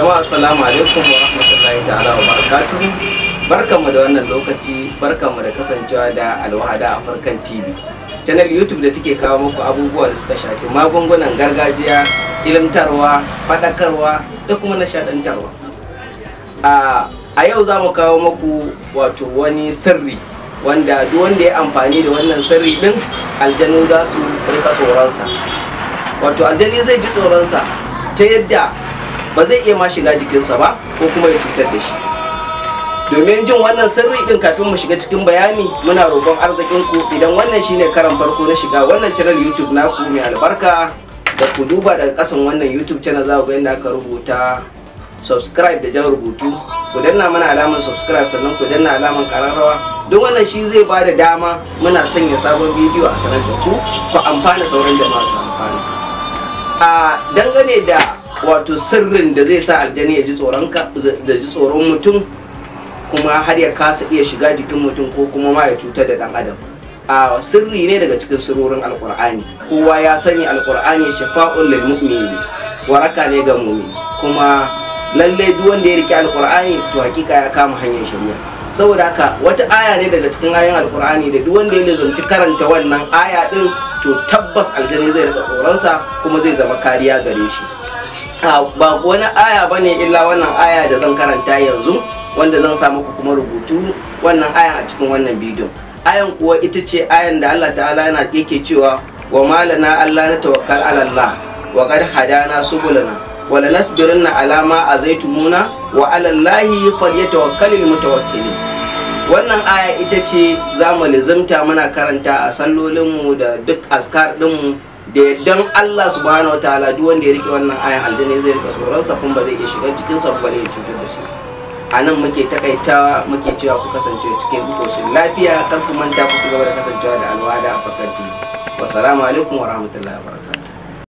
jama'a assalamu alaikum wa rahmatullahi ta'ala wa barakatuhu barkanmu da wannan lokaci barkamu da kasancewa da alwahada a farkan tv channel youtube da suke kawo muku abubuwa da suka shafi magungunan gargajiya ilimtarwa faɗakarwa da kuma nishaɗantarwa a yau za mu kawo muku wato wani sirri wanda duk wanda ya amfani da wannan sirri ɗin aljanu za su rika tsoronsa wato aljani zai ji tsoronsa ta yadda ba zai iya ma shiga jikinsa ba ko kuma ya cutar da shi domin jin wannan sirri din kafin mu shiga cikin bayani muna roƙon arzikinku idan wannan shine karan farko na shiga wannan channel youtube ku mai albarka da ku duba daga kasan wannan youtube channel za ku ga inda aka rubuta subscribe da jan rubutu ku danna mana alamar subscribe sannan ku danna alamar kararrawa don wannan shi zai ba da dama muna sanya sabon bidiyo a sanar da ku ku amfana sauran jama'a su amfana a dangane da wato sirrin da zai sa aljani ya ji tsoron da ji tsoron mutum kuma har ya kasa iya shiga jikin mutum ko kuma ma ya cutar da dan adam a sirri ne daga cikin sirrorin alkur'ani kowa ya sani alkur'ani shafa'un lil mu'mini waraka ne ga mu'mini kuma lalle duk wanda ya rike alkur'ani to hakika ya kama hanyar shari'a saboda haka wata aya ne daga cikin ayan alkur'ani da duk wanda ya lizanci karanta wannan aya din to tabbas aljani zai rika sa kuma zai zama kariya gare shi ba wani aya ba ne illa wannan aya da zan karanta yanzu wanda zan sa muku kuma rubutu wannan aya a cikin wannan bidiyo. ayan kuwa ita ce ayan da Allah ta'ala yana yake cewa wa malana Allah na tawakkal ala Allah wa qad hadana subulana wa lanasbiranna ala ma azaitumuna wa ala Allahi falyatawakkalul mutawakkilin wannan aya ita ce zamu lizimta muna karanta a sallolinmu da duk askar dinmu da yaddan Allah subhanahu wataala duk wanda ya rike wannan ayan aljanna zai rika tsoron sa ba zai iya shiga cikin sa ba ya cutar da shi a nan muke takaitawa muke cewa ku kasance cikin koshin lafiya kar ku manta ku ci gaba da kasancewa da alwada a fakar tv wassalamu alaikum warahmatullahi wabarakatuh